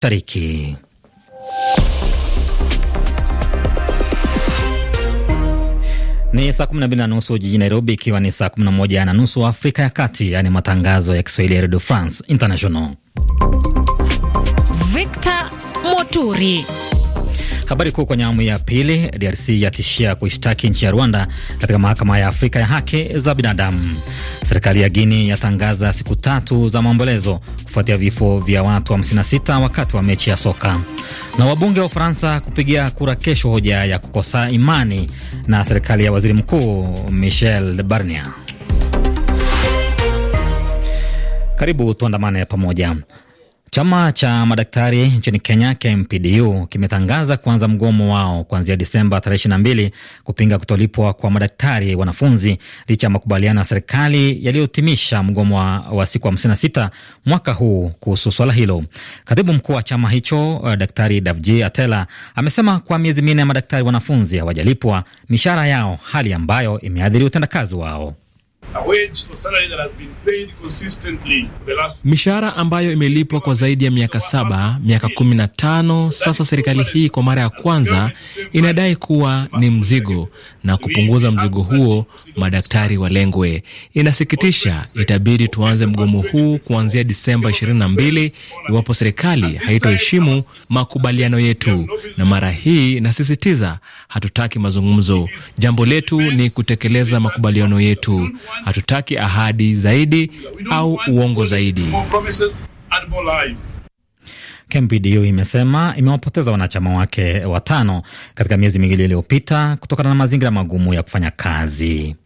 Tariki. Ni saa 12 na nusu jijini Nairobi, ikiwa ni saa 11 na nusu Afrika ya Kati. Yaani matangazo ya Kiswahili ya redio France International. Victor Moturi. Habari kuu kwenye awamu ya pili: DRC yatishia kuishtaki nchi ya Rwanda katika mahakama ya Afrika ya haki za binadamu. Serikali ya Guini yatangaza siku tatu za maombolezo kufuatia vifo vya watu 56 wakati wa mechi ya soka. Na wabunge wa Ufaransa kupigia kura kesho hoja ya kukosa imani na serikali ya waziri mkuu Michel Barnier. Karibu tuandamane pamoja. Chama cha madaktari nchini Kenya, KMPDU, kimetangaza kuanza mgomo wao kuanzia Disemba 22 kupinga kutolipwa kwa madaktari wanafunzi licha ya makubaliano ya serikali yaliyotimisha mgomo wa siku 56 mwaka huu kuhusu swala hilo. Katibu mkuu wa chama hicho uh, Daktari Davji Atela amesema kwa miezi minne ya madaktari wanafunzi hawajalipwa mishahara yao, hali ambayo imeathiri utendakazi wao. Mishahara ambayo imelipwa kwa zaidi ya miaka saba, miaka kumi na tano sasa, serikali hii kwa mara ya kwanza inadai kuwa ni mzigo, na kupunguza mzigo huo madaktari walengwe. Inasikitisha, itabidi tuanze mgomo huu kuanzia Disemba 22 iwapo serikali haitoheshimu makubaliano yetu, na mara hii nasisitiza, hatutaki mazungumzo. Jambo letu ni kutekeleza makubaliano yetu hatutaki ahadi zaidi au uongo zaidi. Kampeni imesema imewapoteza wanachama wake watano katika miezi miwili iliyopita kutokana na mazingira magumu ya kufanya kazi.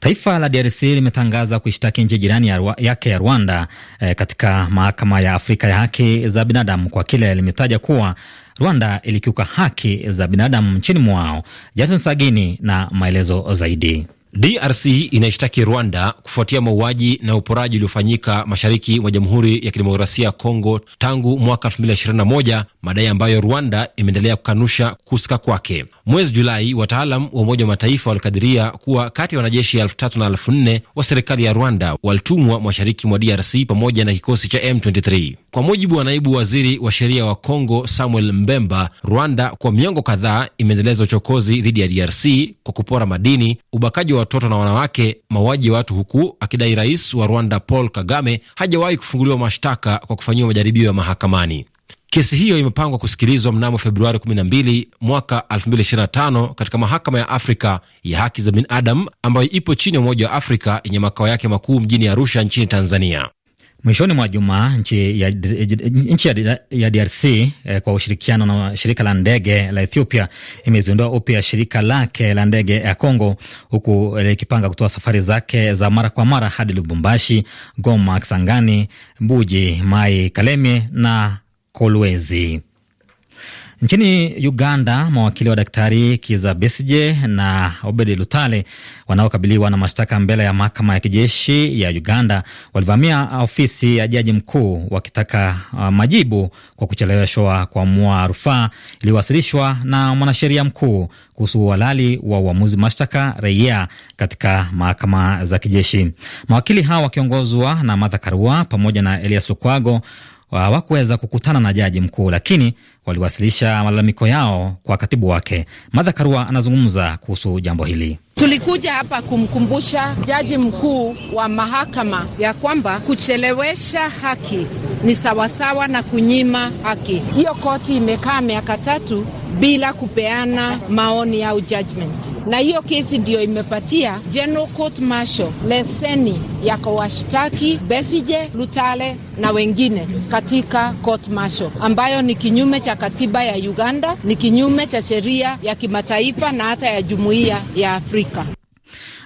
Taifa la DRC limetangaza kuishtaki nchi jirani ya yake ya Rwanda eh, katika mahakama ya Afrika ya haki za binadamu kwa kile limetaja kuwa Rwanda ilikiuka haki za binadamu nchini mwao. Jason Sagini na maelezo zaidi. DRC inaishtaki Rwanda kufuatia mauaji na uporaji uliofanyika mashariki mwa Jamhuri ya Kidemokrasia ya Kongo tangu mwaka 2021, madai ambayo Rwanda imeendelea kukanusha kuhusika kwake. Mwezi Julai, wataalam wa Umoja wa Mataifa walikadiria kuwa kati ya wanajeshi elfu tatu na elfu nne wa serikali ya Rwanda walitumwa mashariki mwa DRC pamoja na kikosi cha M23. Kwa mujibu wa naibu waziri wa sheria wa Kongo Samuel Mbemba, Rwanda kwa miongo kadhaa imeendeleza uchokozi dhidi ya DRC kwa kupora madini, ubakaji wa watoto na wanawake, mauaji ya watu, huku akidai rais wa Rwanda Paul Kagame hajawahi kufunguliwa mashtaka kwa kufanyiwa majaribio ya mahakamani. Kesi hiyo imepangwa kusikilizwa mnamo Februari 12 mwaka 2025 katika mahakama ya Afrika ya haki za binadamu ambayo ipo chini ya Umoja wa Afrika yenye makao yake makuu mjini Arusha nchini Tanzania. Mwishoni mwa jumaa nchi ya, nchi ya, ya DRC eh, kwa ushirikiano na shirika la ndege la Ethiopia imezindua upya shirika lake la ndege ya Congo, huku likipanga eh, kutoa safari zake za mara kwa mara hadi Lubumbashi, Goma, Kisangani, Mbuji Mai, Kalemie na Kolwezi. Nchini Uganda, mawakili wa Daktari Kiza Besije na Obedi Lutale wanaokabiliwa na mashtaka mbele ya mahakama ya kijeshi ya Uganda walivamia ofisi ya jaji mkuu wakitaka uh, majibu kwa kucheleweshwa kuamua rufaa iliyowasilishwa na mwanasheria mkuu kuhusu uhalali wa uamuzi mashtaka raia katika mahakama za kijeshi. Mawakili hao wakiongozwa na Martha Karua pamoja na Elias Lukwago uh, hawakuweza kukutana na jaji mkuu, lakini waliwasilisha malalamiko yao kwa katibu wake. Madha Karua anazungumza kuhusu jambo hili. Tulikuja hapa kumkumbusha jaji mkuu wa mahakama ya kwamba kuchelewesha haki ni sawasawa na kunyima haki. Hiyo koti imekaa miaka tatu bila kupeana maoni au judgment, na hiyo kesi ndiyo imepatia General Court Martial leseni ya kuwashtaki Besije Lutale na wengine katika court martial ambayo ni kinyume cha katiba ya Uganda, ni kinyume cha sheria ya kimataifa na hata ya jumuiya ya Afrika.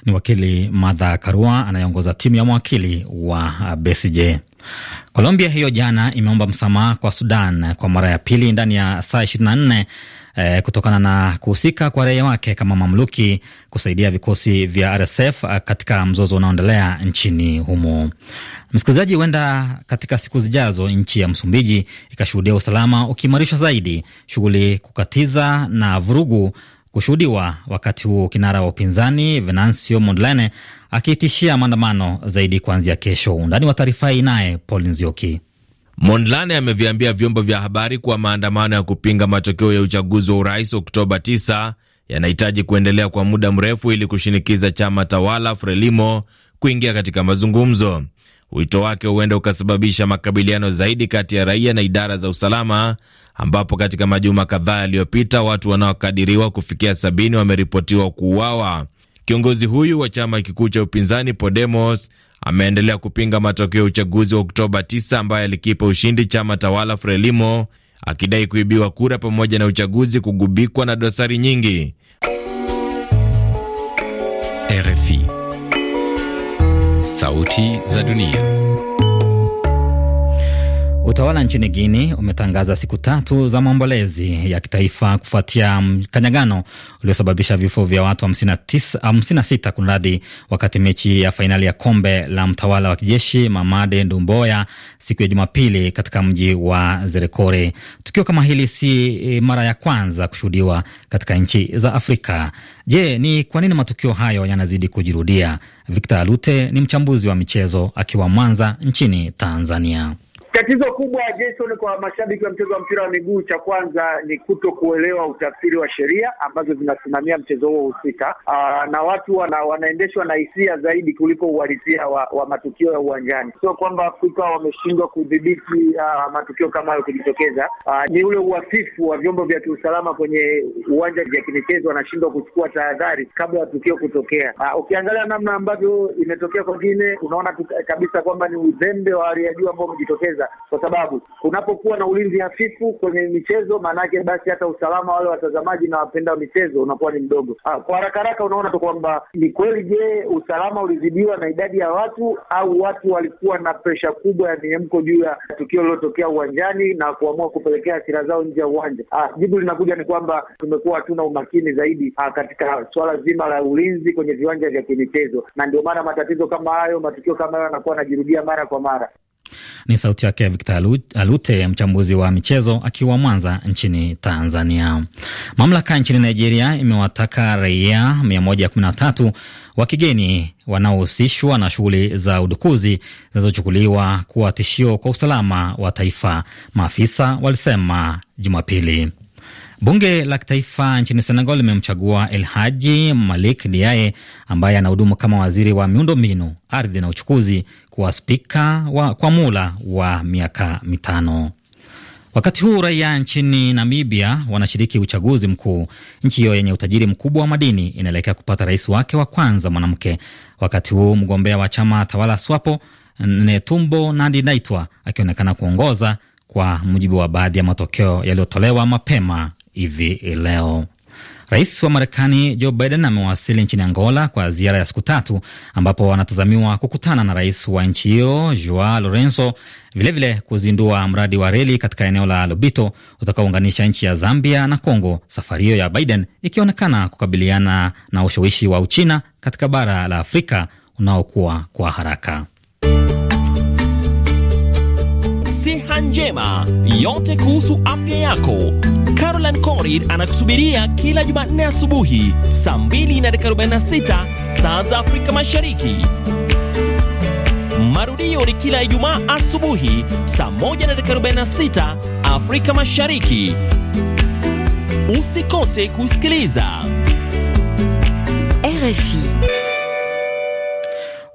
Ni wakili Martha Karua anayeongoza timu ya mawakili wa Besigye. Colombia hiyo jana imeomba msamaha kwa Sudan kwa mara ya pili ndani ya saa 24 eh, kutokana na kuhusika kwa raia wake kama mamluki kusaidia vikosi vya RSF eh, katika mzozo unaoendelea nchini humo. Msikilizaji, huenda katika siku zijazo nchi ya Msumbiji ikashuhudia usalama ukiimarishwa zaidi, shughuli kukatiza na vurugu kushuhudiwa wakati huu kinara wa upinzani Venancio Mondlane akiitishia maandamano zaidi kuanzia kesho. Undani wa taarifa hii naye Paul Nzioki. Mondlane ameviambia vyombo vya habari kuwa maandamano ya kupinga matokeo ya uchaguzi wa urais Oktoba 9 yanahitaji kuendelea kwa muda mrefu ili kushinikiza chama tawala Frelimo kuingia katika mazungumzo. Wito wake huenda ukasababisha makabiliano zaidi kati ya raia na idara za usalama, ambapo katika majuma kadhaa yaliyopita watu wanaokadiriwa kufikia sabini wameripotiwa kuuawa. Kiongozi huyu wa chama kikuu cha upinzani Podemos ameendelea kupinga matokeo ya uchaguzi wa Oktoba 9 ambaye alikipa ushindi chama tawala Frelimo, akidai kuibiwa kura pamoja na uchaguzi kugubikwa na dosari nyingi. RFI, Sauti za Dunia. Utawala nchini Guini umetangaza siku tatu za maombolezi ya kitaifa kufuatia mkanyagano uliosababisha vifo vya watu 56 kunradi, wakati mechi ya fainali ya kombe la mtawala wa kijeshi Mamade Ndumboya siku ya Jumapili katika mji wa Zerekore. Tukio kama hili si eh, mara ya kwanza kushuhudiwa katika nchi za Afrika. Je, ni kwa nini matukio hayo yanazidi kujirudia? Victor Alute ni mchambuzi wa michezo akiwa Mwanza nchini Tanzania. Tatizo kubwa Jason, kwa mashabiki wa mchezo wa mpira wa miguu, cha kwanza ni kuto kuelewa utafsiri wa sheria ambazo zinasimamia mchezo huo husika, ah, na watu wana, wanaendeshwa na hisia zaidi kuliko uhalisia wa, wa matukio ya uwanjani. Sio kwamba Afrika wameshindwa kudhibiti ah, matukio kama hayo kujitokeza, ah, ni ule uhafifu wa vyombo vya kiusalama kwenye uwanja vya kimichezo, wanashindwa kuchukua tahadhari kabla ya tukio kutokea. Aa, ukiangalia namna ambavyo imetokea kwengine unaona eh, kabisa kwamba ni uzembe wa hali ya juu ambao umejitokeza kucheza, kwa sababu kunapokuwa na ulinzi hafifu kwenye michezo, maanake basi hata usalama wale watazamaji na wapenda michezo unakuwa ni mdogo. Ha, ah, kwa haraka haraka unaona tu kwamba ni kweli. Je, usalama ulizidiwa na idadi ya watu au watu walikuwa na presha kubwa ya miemko juu ya tukio lililotokea uwanjani na kuamua kupelekea hasira zao nje ya uwanja? Ah, jibu linakuja ni kwamba tumekuwa hatuna umakini zaidi ha, ah, katika suala zima la ulinzi kwenye viwanja vya kimichezo, na ndio maana matatizo kama hayo, matukio kama hayo yanakuwa yanajirudia mara kwa mara. Ni sauti yake Victor Alute, mchambuzi wa michezo akiwa Mwanza nchini Tanzania. Mamlaka nchini Nigeria imewataka raia 113 wa kigeni wanaohusishwa na shughuli za udukuzi zinazochukuliwa kuwa tishio kwa usalama wa taifa, maafisa walisema Jumapili. Bunge la kitaifa nchini Senegal limemchagua El Haji Malik Diaye ambaye anahudumu kama waziri wa miundo mbinu ardhi na uchukuzi kuwa spika wa, kwa mula wa miaka mitano. Wakati huu raia nchini Namibia wanashiriki uchaguzi mkuu. Nchi hiyo yenye utajiri mkubwa wa madini inaelekea kupata rais wake wa kwanza mwanamke, wakati huu mgombea wa chama tawala SWAPO Netumbo Nandi-Ndaitwah akionekana kuongoza kwa mujibu wa baadhi ya matokeo yaliyotolewa mapema hivi leo. Rais wa Marekani Joe Biden amewasili nchini Angola kwa ziara ya siku tatu, ambapo anatazamiwa kukutana na rais wa nchi hiyo Joao Lorenzo, vilevile kuzindua mradi wa reli katika eneo la Lobito utakaounganisha nchi ya Zambia na congo safari hiyo ya Biden ikionekana kukabiliana na ushawishi wa Uchina katika bara la Afrika unaokuwa kwa haraka. Siha njema yote kuhusu afya yako Carol Farid anakusubiria kila Jumanne asubuhi saa 2 na dakika 46 saa za Afrika Mashariki. Marudio ni kila Ijumaa asubuhi saa 1 na dakika 46 Afrika Mashariki. Usikose kusikiliza RFI.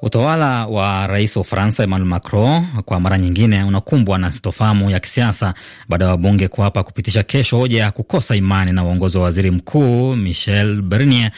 Utawala wa rais wa Ufaransa Emmanuel Macron kwa mara nyingine unakumbwa na sitofahamu ya kisiasa baada ya wabunge kuapa kupitisha kesho hoja ya kukosa imani na uongozi wa waziri mkuu Michel Barnier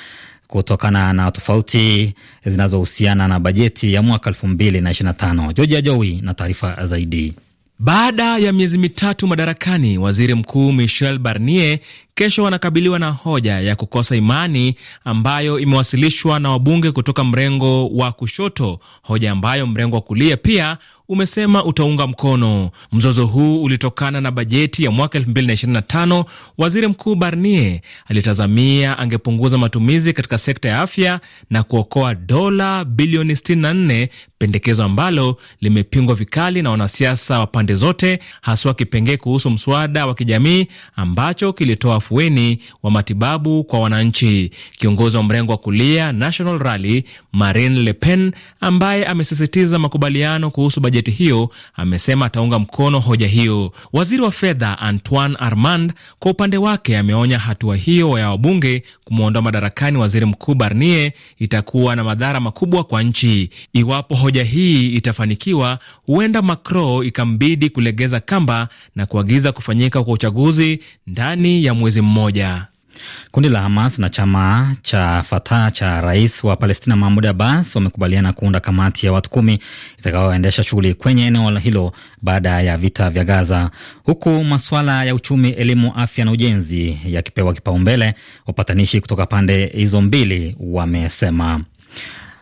kutokana na tofauti zinazohusiana na bajeti ya mwaka elfu mbili na ishirini na tano. Joji Ajowi na taarifa zaidi. Baada ya miezi mitatu madarakani, waziri mkuu Michel Barnier kesho anakabiliwa na hoja ya kukosa imani ambayo imewasilishwa na wabunge kutoka mrengo wa kushoto, hoja ambayo mrengo wa kulia pia umesema utaunga mkono. Mzozo huu ulitokana na bajeti ya mwaka 2025. Waziri Mkuu Barnier alitazamia angepunguza matumizi katika sekta ya afya na kuokoa dola bilioni 64, pendekezo ambalo limepingwa vikali na wanasiasa wa pande zote, haswa kipengee kuhusu mswada wa kijamii ambacho kilitoa afueni wa matibabu kwa wananchi. Kiongozi wa mrengo wa kulia National Rally Marine Le Pen ambaye amesisitiza makubaliano kuhusu bajeti bajeti hiyo amesema ataunga mkono hoja hiyo. Waziri wa fedha Antoine Armand kwa upande wake ameonya hatua hiyo ya wabunge kumwondoa madarakani waziri mkuu Barnier itakuwa na madhara makubwa kwa nchi. Iwapo hoja hii itafanikiwa, huenda Macron ikambidi kulegeza kamba na kuagiza kufanyika kwa uchaguzi ndani ya mwezi mmoja. Kundi la Hamas na chama cha Fatah cha rais wa Palestina Mahmud Abbas wamekubaliana kuunda kamati ya watu kumi itakayoendesha shughuli kwenye eneo hilo baada ya vita vya Gaza, huku masuala ya uchumi, elimu, afya na ujenzi yakipewa kipaumbele. Wapatanishi kutoka pande hizo mbili wamesema.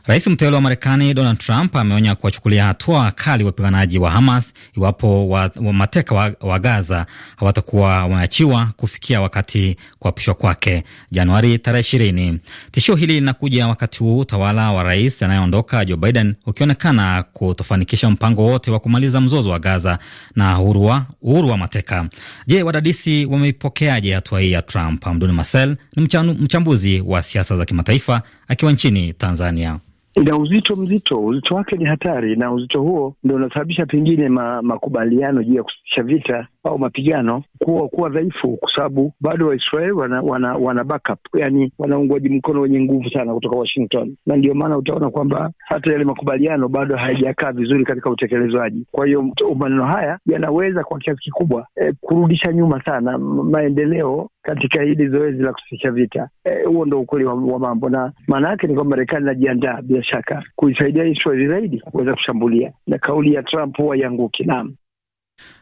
Rais mteule wa Marekani Donald Trump ameonya kuwachukulia hatua kali wapiganaji wa Hamas iwapo wa, wa mateka wa, wa Gaza hawatakuwa wameachiwa kufikia wakati kuapishwa kwake Januari tarehe ishirini. Tishio hili linakuja wakati huu utawala wa rais anayeondoka Joe Biden ukionekana kutofanikisha mpango wote wa kumaliza mzozo wa Gaza na uhuru wa, mateka. Je, wadadisi wameipokeaje hatua hii ya Trump? Amduni Marcel ni mchambuzi wa siasa za kimataifa akiwa nchini Tanzania ina uzito mzito, uzito wake ni hatari, na uzito huo ndo unasababisha pengine ma, makubaliano juu ya kusitisha vita au mapigano kuwa kuwa dhaifu, kwa sababu bado Waisraeli wana wana, wana backup, yani wanaungwaji mkono wenye nguvu sana kutoka Washington, na ndio maana utaona kwamba hata yale makubaliano bado hayajakaa vizuri katika utekelezwaji Kwa hiyo maneno haya yanaweza kwa kiasi kikubwa e, kurudisha nyuma sana maendeleo katika hili zoezi la kusitisha vita. Eh, huo e, ndo ukweli wa, wa mambo, na maana yake ni kwamba Marekani inajiandaa bila shaka kuisaidia Israeli zaidi kuweza kushambulia, na kauli ya Trump huwa ianguki. Naam.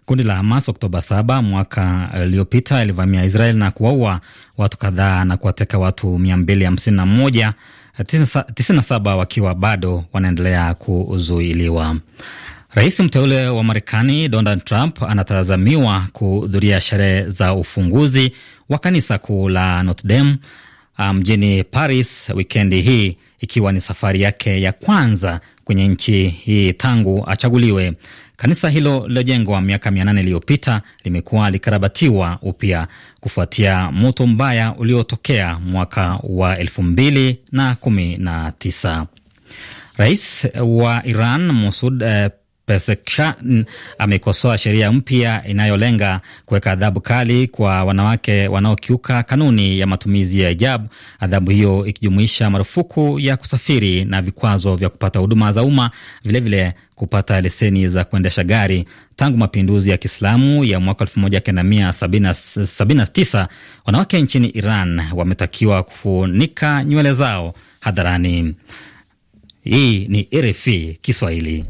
Kundi la Hamas Oktoba saba mwaka uliopita ilivamia Israel na kuwaua watu kadhaa na kuwateka watu mia mbili hamsini na moja 97 wakiwa bado wanaendelea kuzuiliwa. Rais mteule wa Marekani Donald Trump anatazamiwa kuhudhuria sherehe za ufunguzi wa kanisa kuu la Notre Dame ah, mjini um, Paris wikendi hii ikiwa ni safari yake ya kwanza kwenye nchi hii tangu achaguliwe. Kanisa hilo lilojengwa miaka mia nane iliyopita limekuwa likarabatiwa upya kufuatia moto mbaya uliotokea mwaka wa elfu mbili na kumi na tisa. Rais wa Iran Masud eh, Pezeshkian amekosoa sheria mpya inayolenga kuweka adhabu kali kwa wanawake wanaokiuka kanuni ya matumizi ya hijabu, adhabu hiyo ikijumuisha marufuku ya kusafiri na vikwazo vya kupata huduma za umma, vilevile kupata leseni za kuendesha gari. Tangu mapinduzi ya Kiislamu ya mwaka 1979 wanawake nchini Iran wametakiwa kufunika nywele zao hadharani. Hii ni RFI Kiswahili.